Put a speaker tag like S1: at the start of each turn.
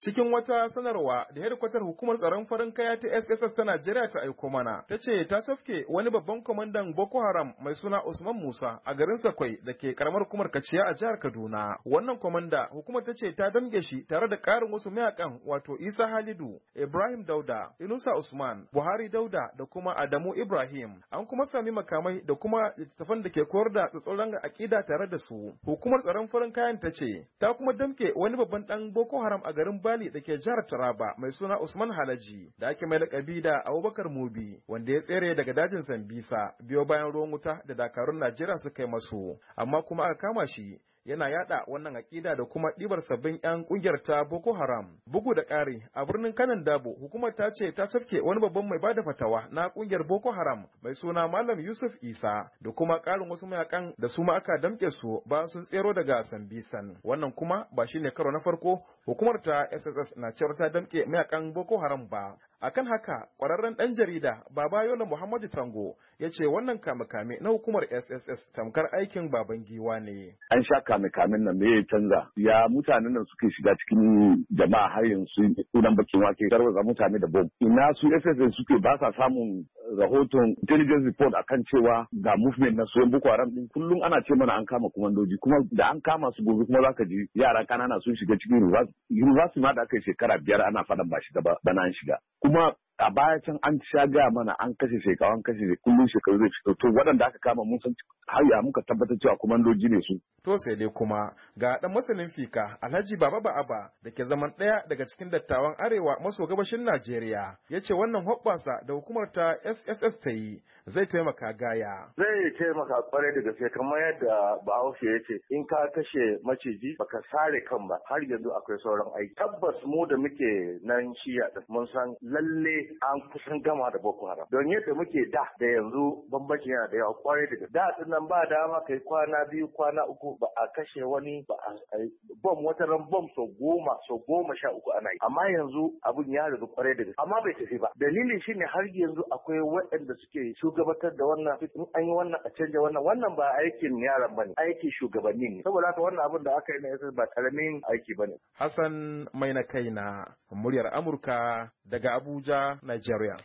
S1: Cikin wata sanarwa da hedkwatar hukumar tsaron farin kaya ta SSS ta Najeriya ta aiko mana, ta ce ta tafke wani babban kwamandan Boko Haram mai suna Usman Musa a garin Sakwai da ke karamar hukumar Kaciya a jihar Kaduna. Wannan kwamanda hukumar ta ce ta damge shi tare da karin wasu mayakan wato Isa Halidu, Ibrahim Dauda, Inusa Usman, Buhari Dauda da kuma Adamu Ibrahim. An kuma sami makamai da kuma littattafan da ke koyar da tsatsauran aƙida tare da su. Hukumar tsaron farin kayan ta ce ta kuma damke wani babban ɗan Boko Haram a garin Bali da ke jihar Taraba mai suna Usman Halaji da ake mai lakabi da Abubakar Mubi wanda ya tsere daga dajin Sambisa biyo bayan ruwan wuta da dakarun Najeriya suka yi masu amma kuma aka kama shi yana yada wannan aƙida da kuma ɗibar sabbin 'yan ƙungiyar ta Boko Haram. Bugu da ƙari, a birnin Kanan Dabo, hukumar ta ce ta safke wani babban mai bada fatawa na ƙungiyar Boko Haram mai suna Malam Yusuf Isa da kuma ƙarin wasu mayakan da su ma aka damƙe su ba sun tsero daga Sambisan. Wannan kuma ba shine karo na farko hukumar ta SSS na cewa ta damƙe mayakan Boko Haram ba. akan haka kwararren ɗan jarida yola muhammadu tango ya ce wannan kame-kame na hukumar sss tamkar aikin baban giwa ne
S2: an sha kame nan me ya canza ya mutanen nan suke shiga cikin jama'a har yanzu sunan bakin wake garwaza mutane da bom ina su sss suke ba sa samun rahoton intelligence report akan cewa ga movement na soyan boko haram din kullum ana ce mana an kama kumandoji kuma da an kama su gobe kuma zaka ji yara kanana sun shiga cikin university ma da aka yi shekara biyar ana faɗan ba da bana an shiga Uma a baya can an sha gaya mana an kashe shekaru an kashe kullum shekaru zai fito to waɗanda aka kama mun san har ya muka tabbatar cewa kuma kumandoji ne
S1: su. To sai dai kuma ga ɗan masanin fika Alhaji Baba Ba'aba da ke zaman ɗaya daga cikin dattawan Arewa maso gabashin Najeriya ya ce wannan hoɓɓasa da hukumar ta SSS ta yi zai taimaka gaya.
S3: Zai taimaka kwarai da gaske kamar yadda Bahaushe ya ce in ka kashe maciji baka sare kan ba har yanzu akwai sauran aiki. Tabbas mu da muke nan shiya mun san lalle an kusan gama da Boko Haram. Don yadda muke da da yanzu bambanci yana da yawa kwarai da gaske. da din nan ba dama kai kwana biyu kwana uku ba a kashe wani ba a bom wata ran bom so goma so goma sha uku ana yi. Amma yanzu abun ya riga kwarai da gaske amma bai tafi ba. shi shine har yanzu akwai waɗanda suke shugabatar da wannan in an yi wannan a canja wannan wannan ba aikin yaran bane aikin shugabanni ne saboda haka wannan abin da aka yi na yasa ba karamin aiki bane.
S1: Hassan mai na kaina muryar Amurka daga Abuja Nigeria